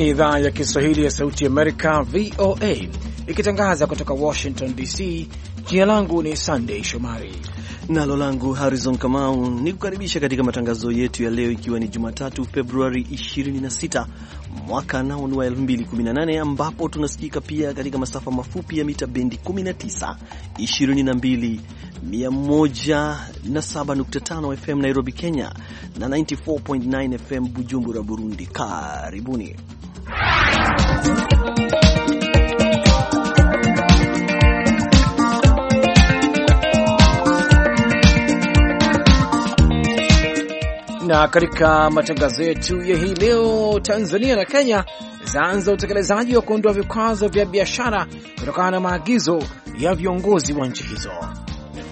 ni idhaa ya Kiswahili ya Sauti Amerika, VOA, ikitangaza kutoka Washington DC. Jina langu ni Sandey Shomari nalo langu Harrison Kamau ni kukaribisha katika matangazo yetu ya leo, ikiwa ni Jumatatu Februari 26 mwaka nao ni wa 2018, ambapo tunasikika pia katika masafa mafupi ya mita bendi 19, 22, 107.5 FM Nairobi, Kenya na 94.9 FM Bujumbura, Burundi. Karibuni na katika matangazo yetu ya hii leo, Tanzania na Kenya zaanza utekelezaji wa kuondoa vikwazo vya biashara kutokana na maagizo ya viongozi wa nchi hizo.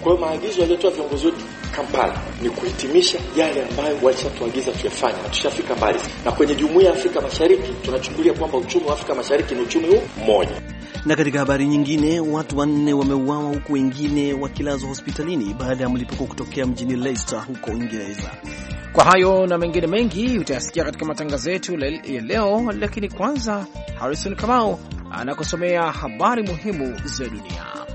Kwa hiyo maagizo yaliyotoa viongozi wetu Kampala ni kuhitimisha yale ambayo walishatuagiza tuyafanye, na tushafika mbali. Na kwenye jumuiya ya Afrika Mashariki tunachukulia kwamba uchumi wa Afrika Mashariki ni uchumi huu mmoja. Na katika habari nyingine, watu wanne wameuawa huku wengine wakilazwa hospitalini baada ya mlipuko kutokea mjini Leicester huko Uingereza. Kwa hayo na mengine mengi utayasikia katika matangazo yetu ya leo, lakini kwanza Harrison Kamau anakusomea habari muhimu za dunia.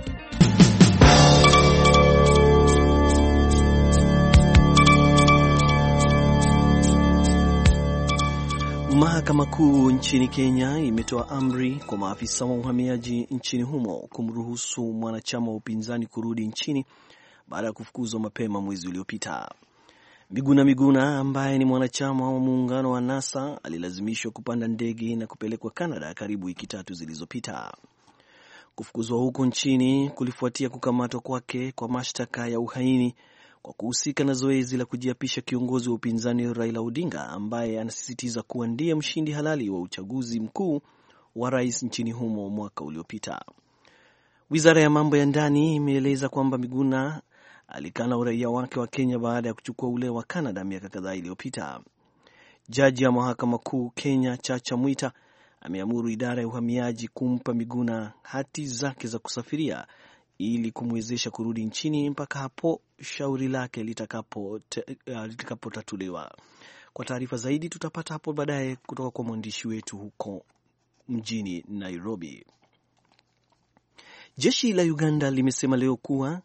Mahakama Kuu nchini Kenya imetoa amri kwa maafisa wa uhamiaji nchini humo kumruhusu mwanachama wa upinzani kurudi nchini baada ya kufukuzwa mapema mwezi uliopita. Miguna Miguna ambaye ni mwanachama wa muungano wa NASA alilazimishwa kupanda ndege na kupelekwa Canada karibu wiki tatu zilizopita. Kufukuzwa huko nchini kulifuatia kukamatwa kwake kwa mashtaka ya uhaini kwa kuhusika na zoezi la kujiapisha kiongozi wa upinzani Raila Odinga ambaye anasisitiza kuwa ndiye mshindi halali wa uchaguzi mkuu wa rais nchini humo mwaka uliopita. Wizara ya mambo ya ndani imeeleza kwamba Miguna alikana uraia wake wa Kenya baada ya kuchukua ule wa Canada miaka kadhaa iliyopita. Jaji ya mahakama kuu Kenya Chacha Mwita ameamuru idara ya uhamiaji kumpa Miguna hati zake za kusafiria ili kumwezesha kurudi nchini mpaka hapo shauri lake uh, litakapotatuliwa. Uh, kwa taarifa zaidi tutapata hapo baadaye kutoka kwa mwandishi wetu huko mjini Nairobi. Jeshi la Uganda limesema leo kuwa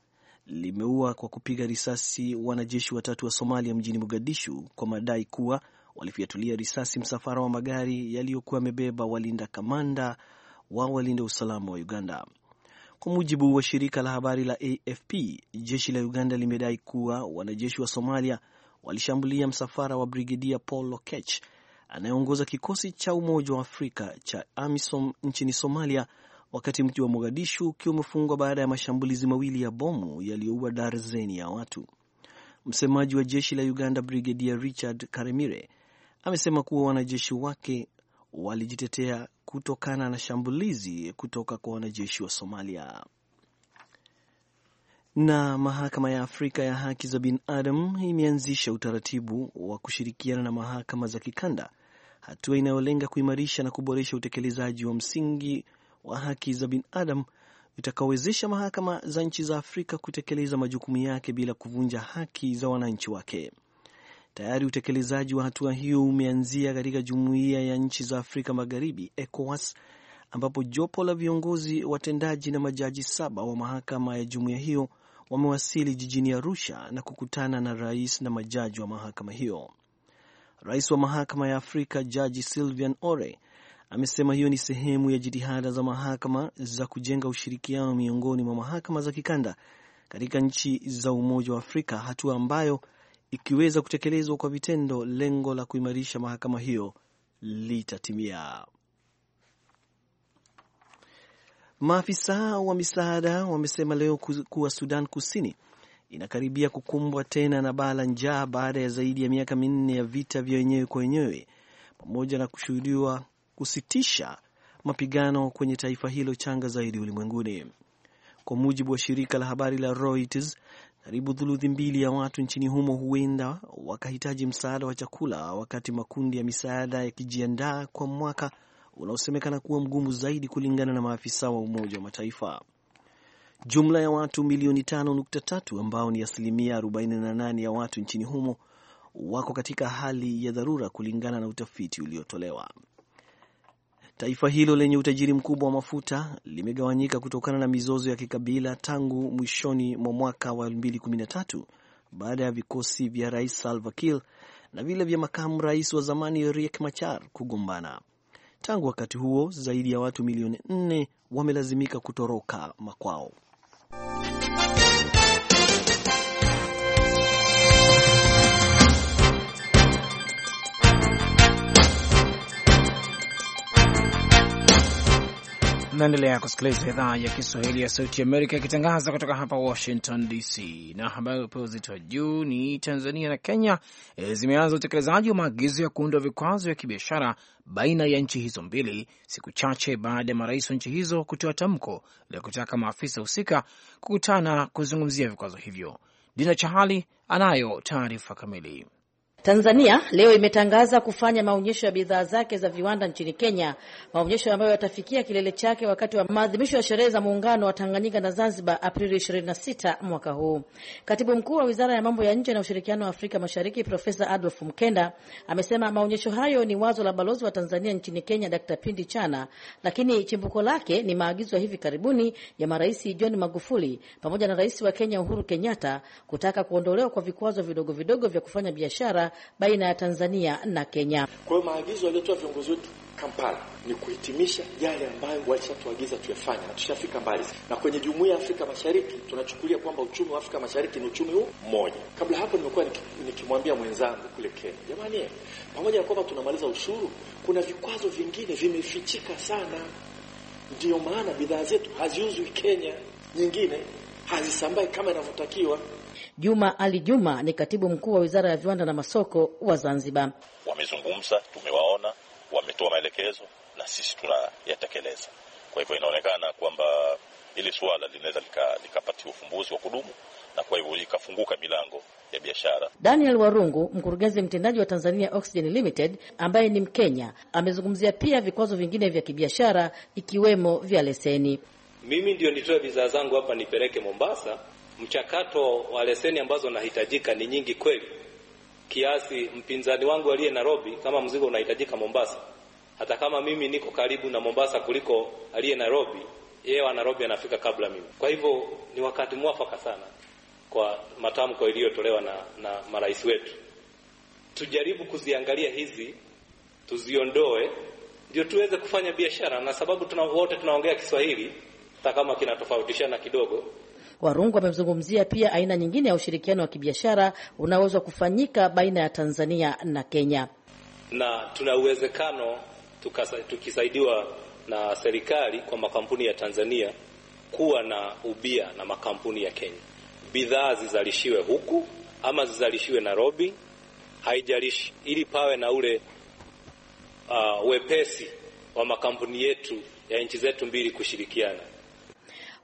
limeua kwa kupiga risasi wanajeshi watatu wa Somalia mjini Mogadishu kwa madai kuwa walifyatulia risasi msafara wa magari yaliyokuwa yamebeba walinda kamanda wa walinda usalama wa Uganda. Kwa mujibu wa shirika la habari la AFP, jeshi la Uganda limedai kuwa wanajeshi wa Somalia walishambulia msafara wa Brigedia Paul Lokech anayeongoza kikosi cha Umoja wa Afrika cha AMISOM nchini Somalia, wakati mji wa Mogadishu ukiwa umefungwa baada ya mashambulizi mawili ya bomu yaliyoua darzeni ya watu. Msemaji wa jeshi la Uganda Brigedia Richard Karemire amesema kuwa wanajeshi wake walijitetea kutokana na shambulizi kutoka kwa wanajeshi wa Somalia. Na mahakama ya Afrika ya haki za binadamu imeanzisha utaratibu wa kushirikiana na mahakama za kikanda, hatua inayolenga kuimarisha na kuboresha utekelezaji wa msingi wa haki za binadamu itakaowezesha mahakama za nchi za Afrika kutekeleza majukumu yake bila kuvunja haki za wananchi wake. Tayari utekelezaji wa hatua hiyo umeanzia katika jumuiya ya nchi za Afrika Magharibi, ECOWAS, ambapo jopo la viongozi watendaji na majaji saba wa mahakama ya jumuiya hiyo wamewasili jijini Arusha na kukutana na rais na majaji wa mahakama hiyo. Rais wa mahakama ya Afrika Jaji Sylvian Ore amesema hiyo ni sehemu ya jitihada za mahakama za kujenga ushirikiano miongoni mwa mahakama za kikanda katika nchi za Umoja wa Afrika, hatua ambayo ikiweza kutekelezwa kwa vitendo, lengo la kuimarisha mahakama hiyo litatimia. Maafisa wa misaada wamesema leo kuwa Sudan Kusini inakaribia kukumbwa tena na baa la njaa baada ya zaidi ya miaka minne ya vita vya wenyewe kwa wenyewe pamoja na kushuhudiwa kusitisha mapigano kwenye taifa hilo changa zaidi ulimwenguni. Kwa mujibu wa shirika la habari la Reuters, karibu thuluthi mbili ya watu nchini humo huenda wakahitaji msaada wa chakula wakati makundi ya misaada yakijiandaa kwa mwaka unaosemekana kuwa mgumu zaidi kulingana na maafisa wa Umoja wa Mataifa. Jumla ya watu milioni 5.3 ambao ni asilimia 48 ya watu nchini humo wako katika hali ya dharura kulingana na utafiti uliotolewa. Taifa hilo lenye utajiri mkubwa wa mafuta limegawanyika kutokana na mizozo ya kikabila tangu mwishoni mwa mwaka wa 2013 baada ya vikosi vya rais Salva Kiir na vile vya makamu rais wa zamani Riek Machar kugombana. Tangu wakati huo zaidi ya watu milioni nne wamelazimika kutoroka makwao. Naendelea kusikiliza idhaa ya Kiswahili ya Sauti Amerika ikitangaza kutoka hapa Washington DC, na habari upewa uzito wa juu ni Tanzania na Kenya e, zimeanza utekelezaji wa maagizo ya kuunda vikwazo vya kibiashara baina ya nchi hizo mbili, siku chache baada ya marais wa nchi hizo kutoa tamko la kutaka maafisa husika kukutana kuzungumzia vikwazo hivyo. Dina Chahali anayo taarifa kamili. Tanzania leo imetangaza kufanya maonyesho ya bidhaa zake za viwanda nchini Kenya, maonyesho ambayo yatafikia kilele chake wakati wa maadhimisho ya sherehe za muungano wa Tanganyika na Zanzibar Aprili 26 mwaka huu. Katibu mkuu wa wizara ya mambo ya nje na ushirikiano wa Afrika Mashariki Profesa Adolf Mkenda amesema maonyesho hayo ni wazo la balozi wa Tanzania nchini Kenya Dr. Pindi Chana, lakini chimbuko lake ni maagizo ya hivi karibuni ya marais John Magufuli pamoja na rais wa Kenya Uhuru Kenyatta kutaka kuondolewa kwa vikwazo vidogo vidogo vya kufanya biashara baina ya Tanzania na Kenya. Kwa hiyo maagizo yaliyotoa viongozi wetu Kampala ni kuhitimisha yale ambayo walishatuagiza tuyafanya na tushafika mbali. Na kwenye jumuiya ya Afrika Mashariki tunachukulia kwamba uchumi wa Afrika Mashariki ni uchumi huu mmoja. Kabla hapo, nimekuwa nikimwambia mwenzangu kule Kenya, jamani, pamoja na kwamba tunamaliza ushuru, kuna vikwazo vingine vimefichika sana, ndiyo maana bidhaa zetu haziuzwi Kenya, nyingine hazisambai kama inavyotakiwa. Juma Ali Juma ni katibu mkuu wa Wizara ya Viwanda na Masoko wa Zanzibar. Wamezungumza, tumewaona, wametoa maelekezo na sisi tunayatekeleza. Kwa hivyo inaonekana kwamba hili suala linaweza likapatiwa ufumbuzi wa kudumu na kwa hivyo ikafunguka milango ya biashara. Daniel Warungu, mkurugenzi mtendaji wa Tanzania Oxygen Limited ambaye ni Mkenya, amezungumzia pia vikwazo vingine vya kibiashara ikiwemo vya leseni. Mimi ndio nitoe bidhaa zangu hapa nipeleke Mombasa, mchakato wa leseni ambazo nahitajika ni nyingi kweli kiasi mpinzani wangu aliye Nairobi, kama mzigo unahitajika Mombasa, hata kama mimi niko karibu na Mombasa kuliko aliye Nairobi, yeye wa Nairobi anafika kabla mimi. Kwa hivyo ni wakati mwafaka sana kwa matamko iliyotolewa na, na marais wetu. Tujaribu kuziangalia hizi, tuziondoe ndio tuweze kufanya biashara, na sababu tuna wote tunaongea Kiswahili hata kama kinatofautishana kidogo Warungu wamezungumzia pia aina nyingine ya ushirikiano wa kibiashara unaoweza kufanyika baina ya Tanzania na Kenya. Na tuna uwezekano tukisaidiwa na serikali kwa makampuni ya Tanzania kuwa na ubia na makampuni ya Kenya, bidhaa zizalishiwe huku ama zizalishiwe Nairobi, haijalishi, ili pawe na ule uh, wepesi wa makampuni yetu ya nchi zetu mbili kushirikiana.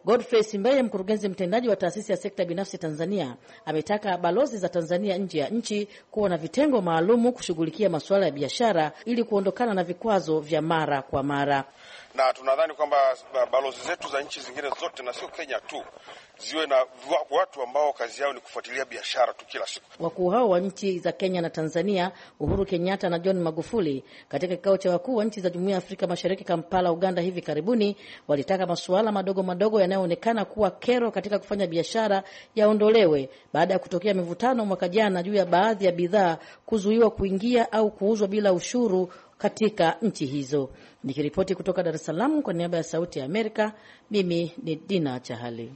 Godfrey Simbeye, mkurugenzi mtendaji wa taasisi ya sekta binafsi Tanzania, ametaka balozi za Tanzania nje ya nchi kuwa na vitengo maalumu kushughulikia masuala ya biashara ili kuondokana na vikwazo vya mara kwa mara, na tunadhani kwamba balozi zetu za nchi zingine zote na sio Kenya tu ziwe na watu ambao kazi yao ni kufuatilia biashara tu kila siku. Wakuu hao wa nchi za Kenya na Tanzania, Uhuru Kenyatta na John Magufuli, katika kikao cha wakuu wa nchi za Jumuiya ya Afrika Mashariki Kampala, Uganda, hivi karibuni, walitaka masuala madogo madogo yanayoonekana kuwa kero katika kufanya biashara yaondolewe baada ya kutokea mivutano mwaka jana juu ya baadhi ya bidhaa kuzuiwa kuingia au kuuzwa bila ushuru katika nchi hizo. Nikiripoti kutoka Dar es Salaam kwa niaba ya Sauti ya Amerika, mimi ni Dina Chahali.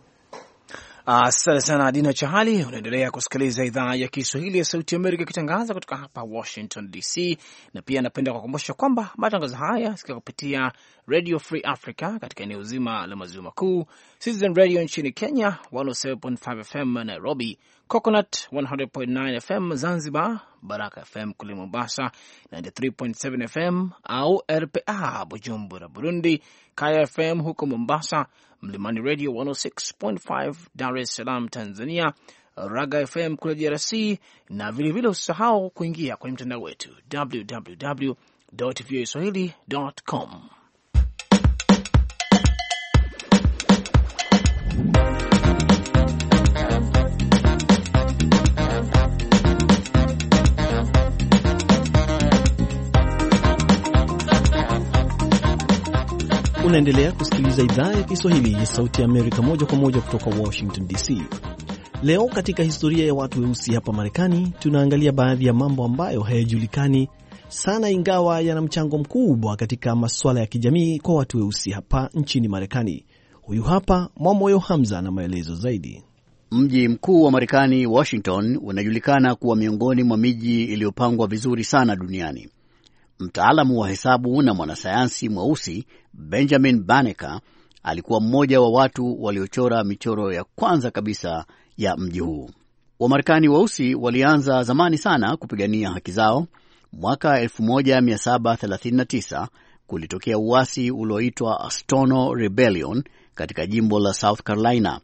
Asante sana Dina Chahali. Unaendelea kusikiliza idhaa ya Kiswahili ya Sauti Amerika ikitangaza kutoka hapa Washington DC, na pia napenda kukumbusha kwamba matangazo haya sikia kupitia Radio Free Africa katika eneo zima la maziwa makuu, Citizen Radio nchini Kenya 107.5 FM Nairobi, Coconut 100.9 FM Zanzibar, Baraka FM kule Mombasa 93.7 FM au RPA Bujumbura, Burundi, Kaya FM huko Mombasa, Mlimani Radio 106.5 Dar es Salaam, Tanzania, Raga FM kule DRC, na vilevile usisahau kuingia kwenye mtandao wetu www voa Unaendelea kusikiliza idhaa ya Kiswahili ya Sauti ya Amerika moja kwa moja kutoka Washington DC. Leo katika historia ya watu weusi hapa Marekani, tunaangalia baadhi ya mambo ambayo hayajulikani sana, ingawa yana mchango mkubwa katika masuala ya kijamii kwa watu weusi hapa nchini Marekani. Huyu hapa Mwamoyo Hamza na maelezo zaidi. Mji mkuu wa Marekani, Washington, unajulikana kuwa miongoni mwa miji iliyopangwa vizuri sana duniani. Mtaalamu wa hesabu na mwanasayansi mweusi Benjamin Banneker alikuwa mmoja wa watu waliochora michoro ya kwanza kabisa ya mji huu. Wamarekani weusi walianza zamani sana kupigania haki zao. Mwaka 1739 kulitokea uasi ulioitwa Stono Rebellion katika jimbo la South Carolina,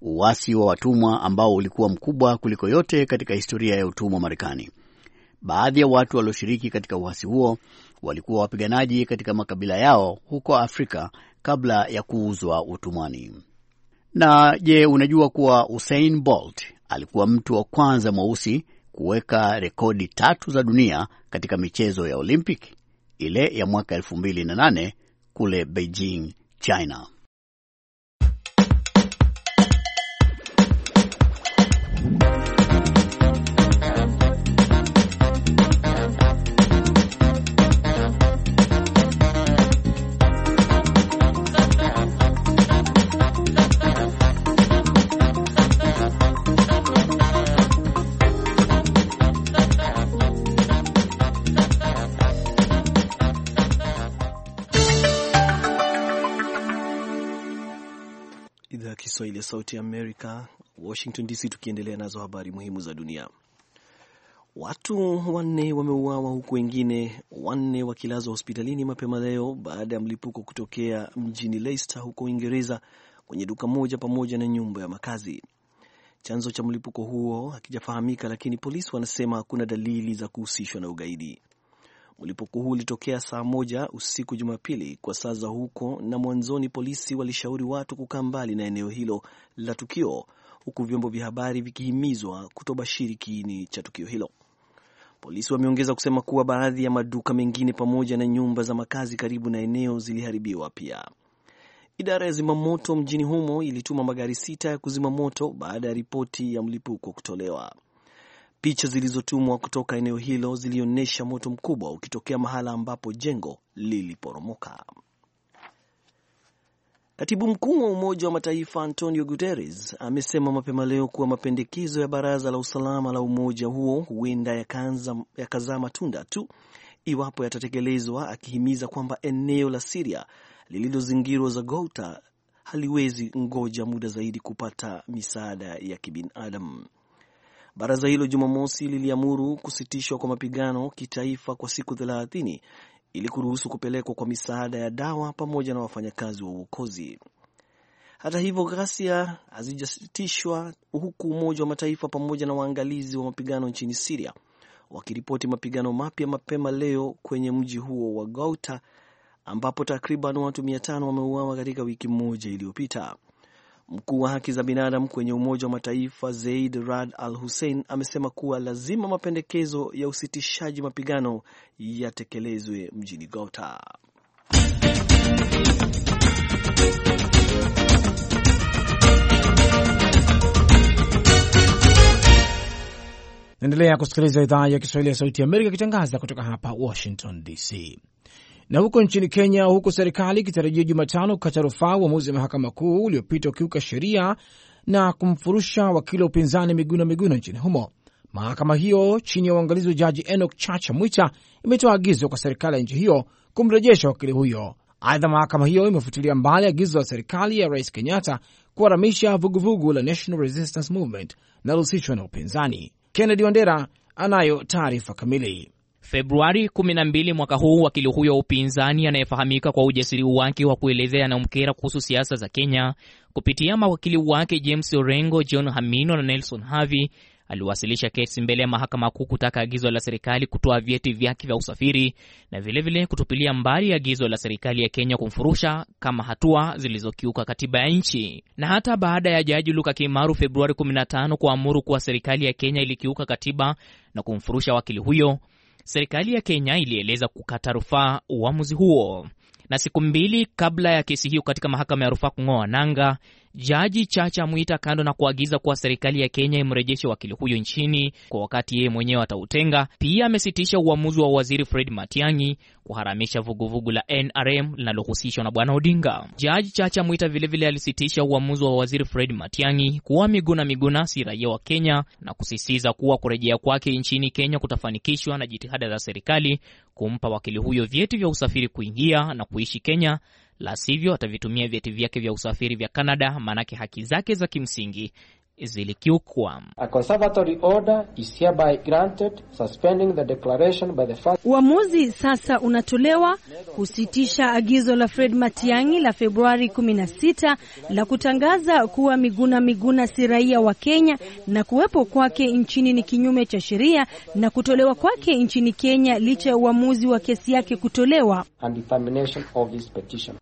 uasi wa watumwa ambao ulikuwa mkubwa kuliko yote katika historia ya utumwa Marekani. Baadhi ya watu walioshiriki katika uasi huo walikuwa wapiganaji katika makabila yao huko Afrika kabla ya kuuzwa utumwani. Na je, unajua kuwa Usain Bolt alikuwa mtu wa kwanza mweusi kuweka rekodi tatu za dunia katika michezo ya Olympic, ile ya mwaka 2008 kule Beijing, China. Sauti Amerika, Washington DC, tukiendelea nazo habari muhimu za dunia. Watu wanne wameuawa huku wengine wanne wakilazwa hospitalini mapema leo baada ya mlipuko kutokea mjini Leicester huko Uingereza kwenye duka moja pamoja na nyumba ya makazi. Chanzo cha mlipuko huo hakijafahamika, lakini polisi wanasema hakuna dalili za kuhusishwa na ugaidi. Mlipuko huu ulitokea saa moja usiku Jumapili kwa saa za huko, na mwanzoni polisi walishauri watu kukaa mbali na eneo hilo la tukio, huku vyombo vya habari vikihimizwa kutobashiri kiini cha tukio hilo. Polisi wameongeza kusema kuwa baadhi ya maduka mengine pamoja na nyumba za makazi karibu na eneo ziliharibiwa pia. Idara ya zimamoto mjini humo ilituma magari sita ya kuzima moto baada ya ripoti ya mlipuko kutolewa. Picha zilizotumwa kutoka eneo hilo zilionyesha moto mkubwa ukitokea mahala ambapo jengo liliporomoka. Katibu mkuu wa Umoja wa Mataifa Antonio Guterres amesema mapema leo kuwa mapendekezo ya Baraza la Usalama la umoja huo huenda yakazaa ya matunda tu iwapo yatatekelezwa, akihimiza kwamba eneo la Siria lililozingirwa za Gouta haliwezi ngoja muda zaidi kupata misaada ya kibinadamu. Baraza hilo Jumamosi liliamuru kusitishwa kwa mapigano kitaifa kwa siku 30 ili kuruhusu kupelekwa kwa misaada ya dawa pamoja na wafanyakazi wa uokozi. Hata hivyo, ghasia hazijasitishwa huku Umoja wa Mataifa pamoja na waangalizi wa mapigano nchini Siria wakiripoti mapigano mapya mapema leo kwenye mji huo wa Gouta ambapo takriban watu mia tano wameuawa katika wiki moja iliyopita. Mkuu wa haki za binadamu kwenye Umoja wa Mataifa zaid Rad Al Hussein amesema kuwa lazima mapendekezo ya usitishaji mapigano yatekelezwe mjini Gota. Naendelea kusikiliza idhaa ya Kiswahili ya Sauti ya Amerika ikitangaza kutoka hapa Washington DC. Na huko nchini Kenya, huku serikali ikitarajia Jumatano kukata rufaa uamuzi wa mahakama kuu uliopita ukiuka sheria na kumfurusha wakili wa upinzani Miguna Miguna nchini humo, mahakama hiyo chini ya uangalizi wa jaji Enoch Chacha Mwita imetoa agizo kwa serikali ya nchi hiyo kumrejesha wakili huyo. Aidha, mahakama hiyo imefutilia mbali agizo la serikali ya Rais Kenyatta kuharamisha vuguvugu la National Resistance Movement linalohusishwa na upinzani. Kennedy Wandera anayo taarifa kamili. Februari 12 mwaka huu, wakili huyo wa upinzani anayefahamika kwa ujasiri wake wa kuelezea yanayomkera kuhusu siasa za Kenya kupitia mawakili wake James Orengo, John Hamino na Nelson Havi aliwasilisha kesi mbele ya mahakama kuu kutaka agizo la serikali kutoa vyeti vyake vya usafiri na vilevile vile kutupilia mbali agizo la serikali ya Kenya kumfurusha kama hatua zilizokiuka katiba ya nchi. Na hata baada ya jaji Luka Kimaru Februari 15 kuamuru kuwa serikali ya Kenya ilikiuka katiba na kumfurusha wakili huyo, Serikali ya Kenya ilieleza kukata rufaa uamuzi huo, na siku mbili kabla ya kesi hiyo katika mahakama ya rufaa kung'oa nanga, Jaji Chacha Mwita kando na kuagiza kuwa serikali ya Kenya imrejeshe wakili huyo nchini kwa wakati yeye mwenyewe atautenga, pia amesitisha uamuzi wa waziri Fred Matiang'i kuharamisha vuguvugu la NRM linalohusishwa na bwana Odinga. Jaji Chacha Mwita vilevile vile alisitisha uamuzi wa waziri Fred Matiang'i kuwa Miguna Miguna si raia wa Kenya na kusisitiza kuwa kurejea kwake nchini Kenya kutafanikishwa na jitihada za serikali kumpa wakili huyo vyeti vya usafiri kuingia na kuishi Kenya la sivyo atavitumia vyeti vyake vya usafiri vya Canada, maanake haki zake za kimsingi zilikiukwa. Uamuzi sasa unatolewa kusitisha agizo la Fred Matiang'i la Februari 16 la kutangaza kuwa Miguna Miguna si raia wa Kenya na kuwepo kwake nchini ni kinyume cha sheria na kutolewa kwake nchini Kenya licha ya uamuzi wa kesi yake kutolewa.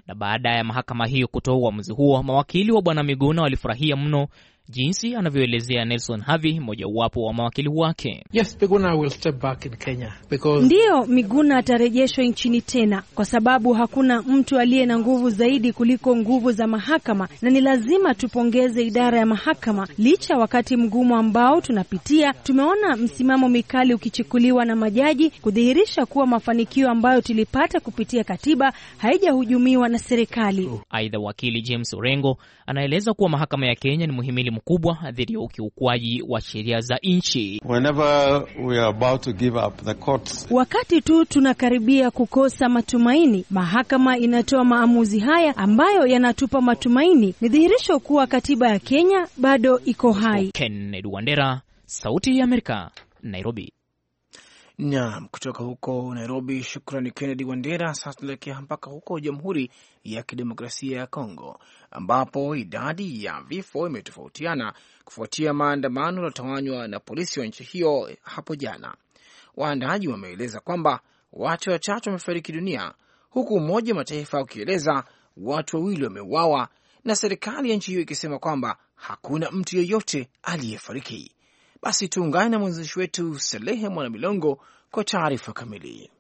Na baada ya mahakama hiyo kutoa uamuzi huo, mawakili wa Bwana Miguna walifurahia mno jinsi anavyoelezea Nelson Havi, mojawapo wa mawakili wake. Yes, Miguna will step back in Kenya because... ndiyo Miguna atarejeshwa nchini tena kwa sababu hakuna mtu aliye na nguvu zaidi kuliko nguvu za mahakama, na ni lazima tupongeze idara ya mahakama. Licha wakati mgumu ambao tunapitia, tumeona msimamo mikali ukichukuliwa na majaji kudhihirisha kuwa mafanikio ambayo tulipata kupitia katiba haijahujumiwa na serikali. Aidha, wakili James Orengo anaeleza kuwa mahakama ya Kenya ni muhimili mkubwa dhidi ya ukiukwaji wa sheria za nchi. Wakati tu tunakaribia kukosa matumaini, mahakama inatoa maamuzi haya ambayo yanatupa matumaini. Ni dhihirisho kuwa katiba ya Kenya bado iko hai. Kennedy Wandera, Sauti ya Amerika, Nairobi. Naam, kutoka huko Nairobi, shukrani Kennedy Wandera. Sasa tunaelekea mpaka huko Jamhuri ya Kidemokrasia ya Kongo, ambapo idadi ya vifo imetofautiana kufuatia maandamano yaliotawanywa na polisi wa nchi hiyo hapo jana. Waandaaji wameeleza kwamba watu wachache wamefariki dunia, huku Umoja wa Mataifa ukieleza watu wawili wameuawa na serikali ya nchi hiyo ikisema kwamba hakuna mtu yeyote aliyefariki. Basi tuungane na mwenzeshi wetu Salehe Mwanamilongo kwa taarifa kamili.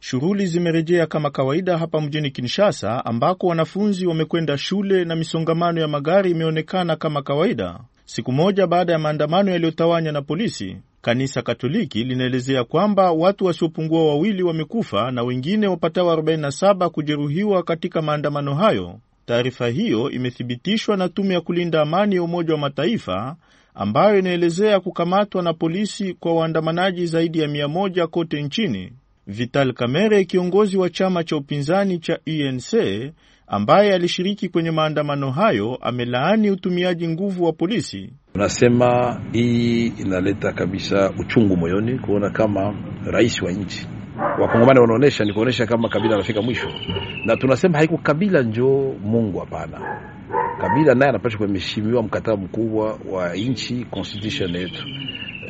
Shughuli zimerejea kama kawaida hapa mjini Kinshasa, ambako wanafunzi wamekwenda shule na misongamano ya magari imeonekana kama kawaida, siku moja baada ya maandamano yaliyotawanywa na polisi. Kanisa Katoliki linaelezea kwamba watu wasiopungua wawili wamekufa na wengine wapatao 47 kujeruhiwa katika maandamano hayo. Taarifa hiyo imethibitishwa na tume ya kulinda amani ya Umoja wa Mataifa ambayo inaelezea kukamatwa na polisi kwa waandamanaji zaidi ya mia moja kote nchini. Vital Kamerhe, kiongozi wa chama cha upinzani cha UNC e ambaye alishiriki kwenye maandamano hayo, amelaani utumiaji nguvu wa polisi. unasema hii inaleta kabisa uchungu moyoni kuona kama rais wa nchi Wakongomani wanaonesha ni kuonesha kama Kabila anafika mwisho, na tunasema haiko Kabila njo Mungu, hapana. Kabila naye anapaswa kuheshimiwa mkataba mkubwa wa nchi, constitution yetu.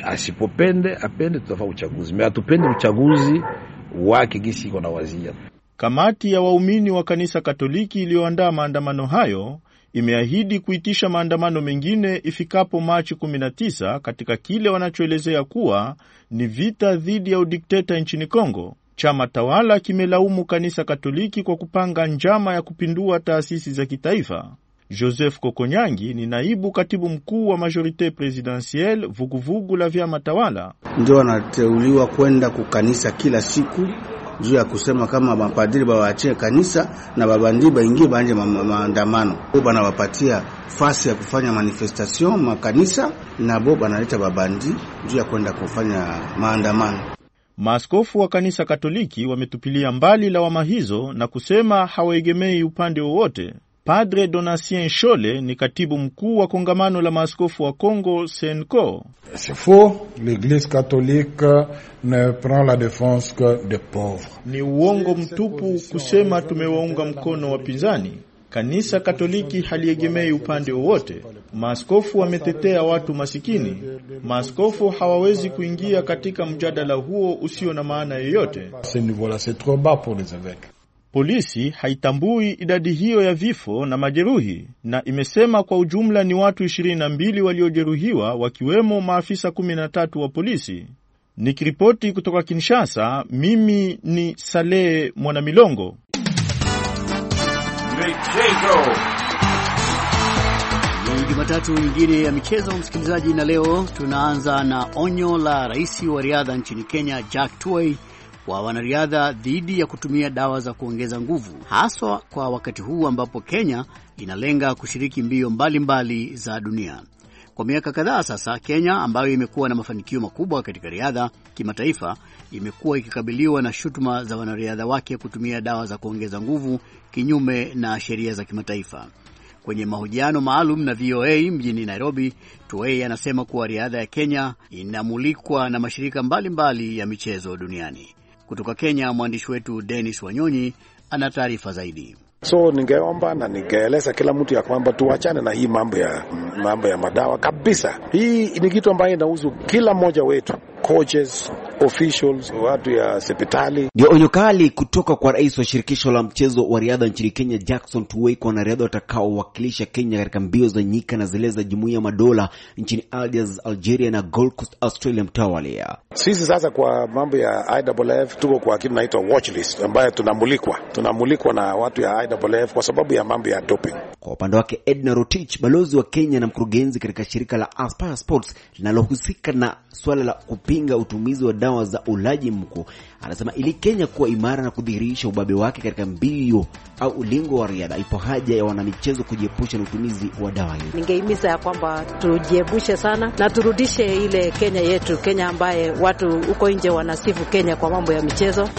Asipopende apende, tutafaa uchaguzi, me hatupende uchaguzi wake gisi iko na wazia. Kamati ya waumini wa kanisa Katoliki iliyoandaa maandamano hayo imeahidi kuitisha maandamano mengine ifikapo Machi 19 katika kile wanachoelezea kuwa ni vita dhidi ya udikteta nchini Kongo. Chama tawala kimelaumu kanisa Katoliki kwa kupanga njama ya kupindua taasisi za kitaifa. Joseph Kokonyangi ni naibu katibu mkuu wa Majorite Presidentielle, vuguvugu la vyama tawala. Ndio wanateuliwa kwenda kukanisa kila siku juu ya kusema kama mapadiri bawaachie kanisa na babandi baingie baanje maandamano. Bo banawapatia fasi ya kufanya manifestation makanisa na bo banaleta babandi juu ya kwenda kufanya maandamano. Maaskofu wa kanisa Katoliki wametupilia mbali lawama hizo na kusema hawaegemei upande wowote Padre Donatien Shole ni katibu mkuu wa kongamano la maaskofu wa congo Senco. la Ni uongo mtupu kusema tumewaunga mkono wapinzani. Kanisa Katoliki haliegemei upande wowote. Maaskofu wametetea watu masikini. Maaskofu hawawezi kuingia katika mjadala huo usio na maana yoyote. Polisi haitambui idadi hiyo ya vifo na majeruhi na imesema kwa ujumla ni watu 22 waliojeruhiwa wakiwemo maafisa 13 wa polisi. Nikiripoti kutoka Kinshasa, mimi ni Salehe Mwanamilongo. Michezo. Ni Jumatatu nyingine ya michezo, msikilizaji, na leo tunaanza na onyo la rais wa riadha nchini Kenya Jack Tway, kwa wanariadha dhidi ya kutumia dawa za kuongeza nguvu, haswa kwa wakati huu ambapo Kenya inalenga kushiriki mbio mbalimbali mbali za dunia. Kwa miaka kadhaa sasa, Kenya ambayo imekuwa na mafanikio makubwa katika riadha kimataifa, imekuwa ikikabiliwa na shutuma za wanariadha wake kutumia dawa za kuongeza nguvu kinyume na sheria za kimataifa. Kwenye mahojiano maalum na VOA mjini Nairobi, Tuwei anasema kuwa riadha ya Kenya inamulikwa na mashirika mbalimbali mbali ya michezo duniani. Kutoka Kenya, mwandishi wetu Denis Wanyonyi ana taarifa zaidi. So ningeomba na ningeeleza kila mtu ya kwamba tuachane na hii mambo ya mambo ya madawa kabisa. Hii ni kitu ambayo inahusu kila mmoja wetu coaches, officials, watu ya sepitali. Ndio onyo kali kutoka kwa rais wa shirikisho la mchezo wa riadha nchini Kenya, Jackson Tuwei, kwa wanariadha watakaowakilisha Kenya katika mbio za nyika na zile za jumuiya madola nchini Algiers, Algeria na Gold Coast Australia mtawalia. Sisi sasa kwa mambo ya IAAF tuko kwa kitu naitwa watchlist, ambayo tunamulikwa tunamulikwa na watu ya IAAF kwa sababu ya mambo ya doping. Kwa upande wake Edna Rotich, balozi wa Kenya na mkurugenzi katika shirika la Aspire Sports linalohusika na swala la kupi kupinga utumizi wa dawa za ulaji mkuu. Anasema ili Kenya kuwa imara na kudhihirisha ubabe wake katika mbio au ulingo wa riadha, ipo haja ya wanamichezo kujiepusha na utumizi wa dawa hiyo. Ningehimiza ya kwamba tujiepushe sana na turudishe ile Kenya yetu, Kenya ambaye watu huko nje wanasifu Kenya kwa mambo ya michezo.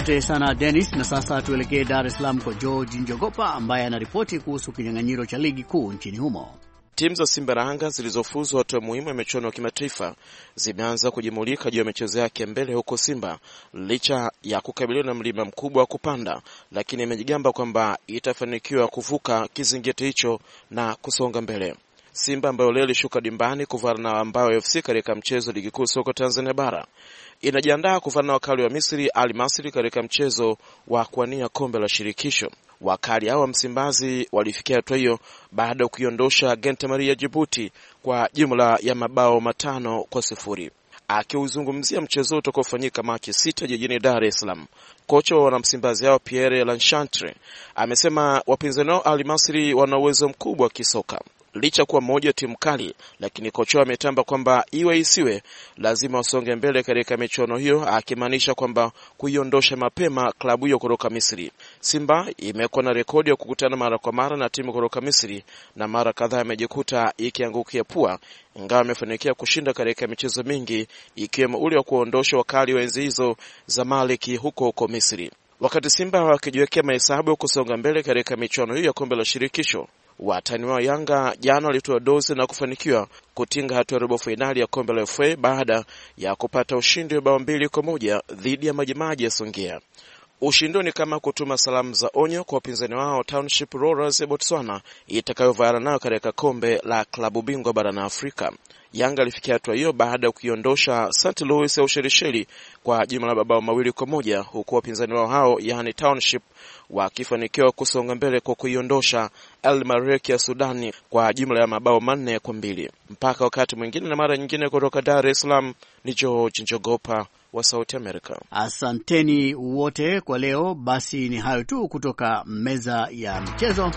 Asante sana Dennis, na sasa tuelekee Dar es Salaam kwa George Njogopa ambaye anaripoti kuhusu kinyang'anyiro cha ligi kuu nchini humo. Timu za Simba na Yanga zilizofuzu hatua muhimu ya michuano ya kimataifa zimeanza kujimulika juu ya michezo yake mbele, huko Simba licha ya kukabiliwa na mlima mkubwa wa kupanda, lakini imejigamba kwamba itafanikiwa kuvuka kizingiti hicho na kusonga mbele. Simba ambayo leo ilishuka dimbani kuvana na Ambayo FC katika mchezo ligi kuu soka Tanzania bara inajiandaa kuvana na wakali wa Misri Al Masry katika mchezo wa kuwania kombe la shirikisho. Wakali hao wa Msimbazi walifikia hatua hiyo baada ya kuiondosha Gente Maria jibuti kwa jumla ya mabao matano kwa sifuri. Akiuzungumzia mchezo utakaofanyika Machi sita jijini Dar es Salaam, kocha wa wanamsimbazi hao Pierre Lanchantre amesema wapinzani wao Al Masry wana uwezo mkubwa wa kisoka licha kuwa moja timu kali, lakini kocha ametamba kwamba iwe isiwe lazima wasonge mbele katika michuano hiyo, akimaanisha kwamba kuiondosha mapema klabu hiyo kutoka Misri. Simba imekuwa na rekodi ya kukutana mara kwa mara na timu kutoka Misri na mara kadhaa amejikuta ikiangukia pua, ingawa imefanikiwa kushinda katika michezo mingi ikiwemo ule wa kuondosha wakali wa enzi hizo za Maliki huko huko Misri. Wakati Simba wakijiwekea mahesabu ya kusonga mbele katika michuano hiyo ya kombe la shirikisho, Watani wao Yanga jana walitoa dozi na kufanikiwa kutinga hatua ya robo fainali ya kombe la FA baada ya kupata ushindi wa bao mbili kwa moja dhidi ya Majimaji ya Songea. Ushindi ni kama kutuma salamu za onyo kwa wapinzani wao Township Rollers ya Botswana itakayovaana nayo katika kombe la klabu bingwa barani Afrika. Yanga alifikia hatua hiyo baada ya kuiondosha St Louis ya Ushelisheli kwa jumla la mabao mawili kwa moja huku wapinzani wao hao yani Township wakifanikiwa kusonga mbele kwa kuiondosha elmarek ya Sudani kwa jumla ya mabao manne kwa mbili. Mpaka wakati mwingine na mara nyingine, kutoka Dar es Salaam ni George Njogopa wa Sauti america Asanteni wote kwa leo. Basi ni hayo tu kutoka meza ya michezo.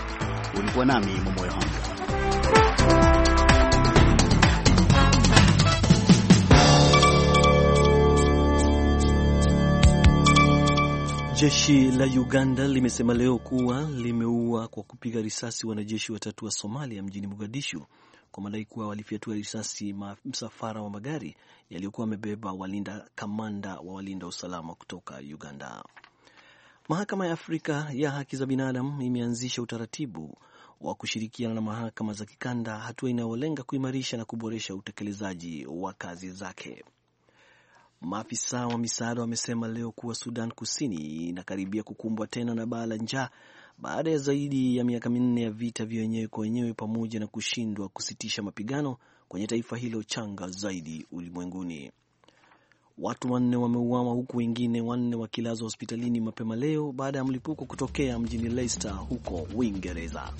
Ulikuwa nami Momoyo Hamza. Jeshi la Uganda limesema leo kuwa limeua kwa kupiga risasi wanajeshi watatu wa Somalia mjini Mogadishu kwa madai kuwa walifyatua risasi msafara wa magari yaliyokuwa wamebeba walinda kamanda wa walinda usalama kutoka Uganda. Mahakama ya Afrika ya Haki za Binadamu imeanzisha utaratibu wa kushirikiana na mahakama za kikanda, hatua inayolenga kuimarisha na kuboresha utekelezaji wa kazi zake. Maafisa wa misaada wamesema leo kuwa Sudan Kusini inakaribia kukumbwa tena na baa la njaa baada ya zaidi ya miaka minne ya vita vya wenyewe kwa wenyewe pamoja na kushindwa kusitisha mapigano kwenye taifa hilo changa zaidi ulimwenguni. Watu wanne wameuawa huku wengine wanne wakilazwa hospitalini mapema leo baada ya mlipuko kutokea mjini Leicester huko Uingereza.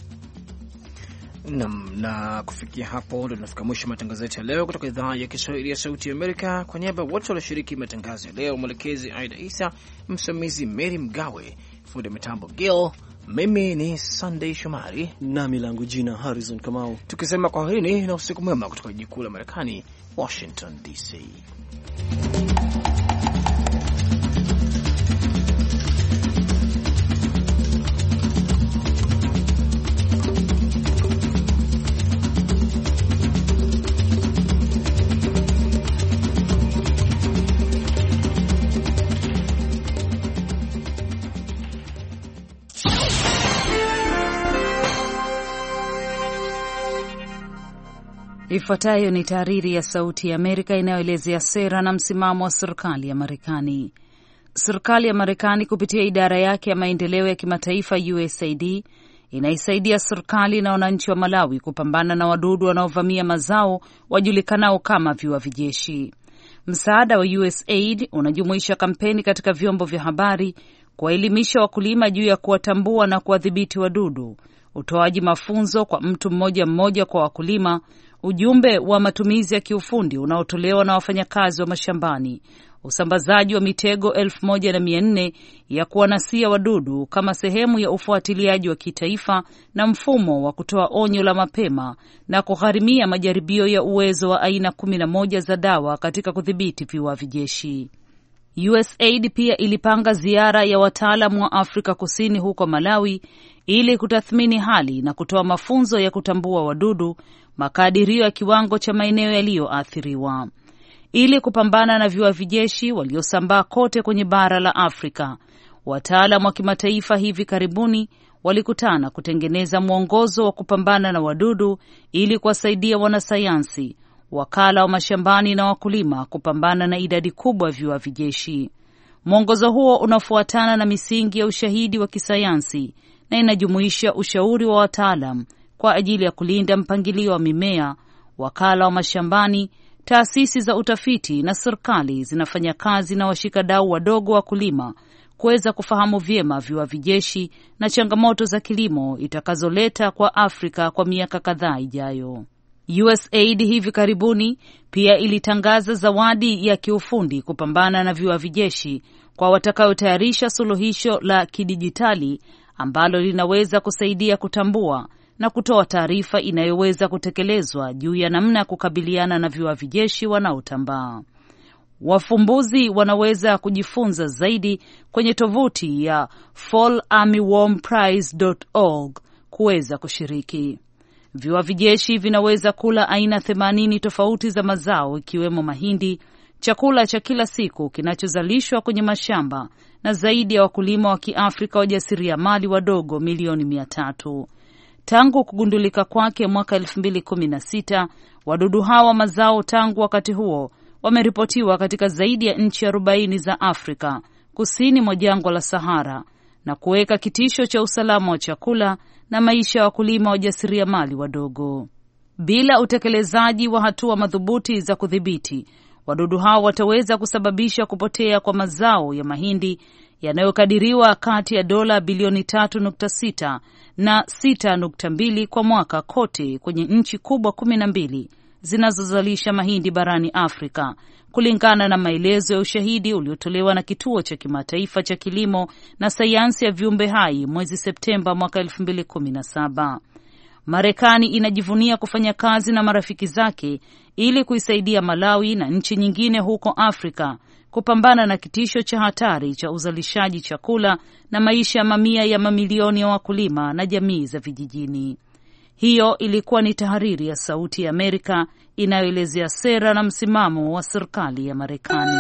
Nam, na kufikia hapo ndo tunafika mwisho matangazo yetu ya leo kutoka idhaa ya Kiswahili ya Sauti Amerika. Kwa niaba ya wote walioshiriki matangazo ya leo, mwelekezi Aida Isa, msimamizi Mary Mgawe, fundi mitambo Gil, mimi ni Sunday Shomari nami langu jina Harrison Kamau, tukisema kwaherini na usiku mwema kutoka jiji kuu la Marekani, Washington DC. Ifuatayo ni tahariri ya Sauti ya Amerika inayoelezea sera na msimamo wa serikali ya Marekani. Serikali ya Marekani kupitia idara yake ya maendeleo ya kimataifa USAID inaisaidia serikali na wananchi wa Malawi kupambana na wadudu wanaovamia mazao wajulikanao kama vijeshi Msaada wa USAID unajumuisha kampeni katika vyombo vya habari kuwaelimisha wakulima juu ya kuwatambua na kuwadhibiti wadudu, utoaji mafunzo kwa mtu mmoja mmoja kwa wakulima, ujumbe wa matumizi ya kiufundi unaotolewa na wafanyakazi wa mashambani, usambazaji wa mitego 1400 ya kuwanasia wadudu kama sehemu ya ufuatiliaji wa kitaifa na mfumo wa kutoa onyo la mapema na kugharimia majaribio ya uwezo wa aina 11 za dawa katika kudhibiti viwavi jeshi. USAID pia ilipanga ziara ya wataalam wa Afrika Kusini huko Malawi ili kutathmini hali na kutoa mafunzo ya kutambua wadudu makadirio ya kiwango cha maeneo yaliyoathiriwa ili kupambana na viwavi jeshi waliosambaa kote kwenye bara la Afrika. Wataalam wa kimataifa hivi karibuni walikutana kutengeneza mwongozo wa kupambana na wadudu ili kuwasaidia wanasayansi, wakala wa mashambani na wakulima kupambana na idadi kubwa ya viwavi jeshi. Mwongozo huo unafuatana na misingi ya ushahidi wa kisayansi na inajumuisha ushauri wa wataalam kwa ajili ya kulinda mpangilio wa mimea. Wakala wa mashambani, taasisi za utafiti na serikali zinafanya kazi na washikadau wadogo wa kulima kuweza kufahamu vyema viwavi jeshi na changamoto za kilimo itakazoleta kwa Afrika kwa miaka kadhaa ijayo. USAID hivi karibuni pia ilitangaza zawadi ya kiufundi kupambana na viwavi jeshi kwa watakayotayarisha suluhisho la kidijitali ambalo linaweza kusaidia kutambua na kutoa taarifa inayoweza kutekelezwa juu ya namna ya kukabiliana na viwavi jeshi wanaotambaa. Wafumbuzi wanaweza kujifunza zaidi kwenye tovuti ya fallarmywarmprize.org kuweza kushiriki. Viwavi jeshi vinaweza kula aina 80 tofauti za mazao ikiwemo mahindi, chakula cha kila siku kinachozalishwa kwenye mashamba na zaidi ya wakulima wa Kiafrika wajasiriamali wadogo milioni mia tatu. Tangu kugundulika kwake mwaka 2016, wadudu hawa mazao tangu wakati huo wameripotiwa katika zaidi ya nchi 40 za Afrika kusini mwa jangwa la Sahara na kuweka kitisho cha usalama wa chakula na maisha ya wakulima wajasiriamali wadogo. Bila utekelezaji wa hatua madhubuti za kudhibiti, wadudu hao wataweza kusababisha kupotea kwa mazao ya mahindi yanayokadiriwa kati ya dola bilioni 3.6 na 6.2 kwa mwaka kote kwenye nchi kubwa 12 zinazozalisha mahindi barani Afrika, kulingana na maelezo ya ushahidi uliotolewa na kituo cha kimataifa cha kilimo na sayansi ya viumbe hai mwezi Septemba mwaka 2017. Marekani inajivunia kufanya kazi na marafiki zake ili kuisaidia Malawi na nchi nyingine huko Afrika kupambana na kitisho cha hatari cha uzalishaji chakula na maisha ya mamia ya mamilioni ya wakulima na jamii za vijijini. Hiyo ilikuwa ni tahariri ya Sauti ya Amerika inayoelezea sera na msimamo wa serikali ya Marekani.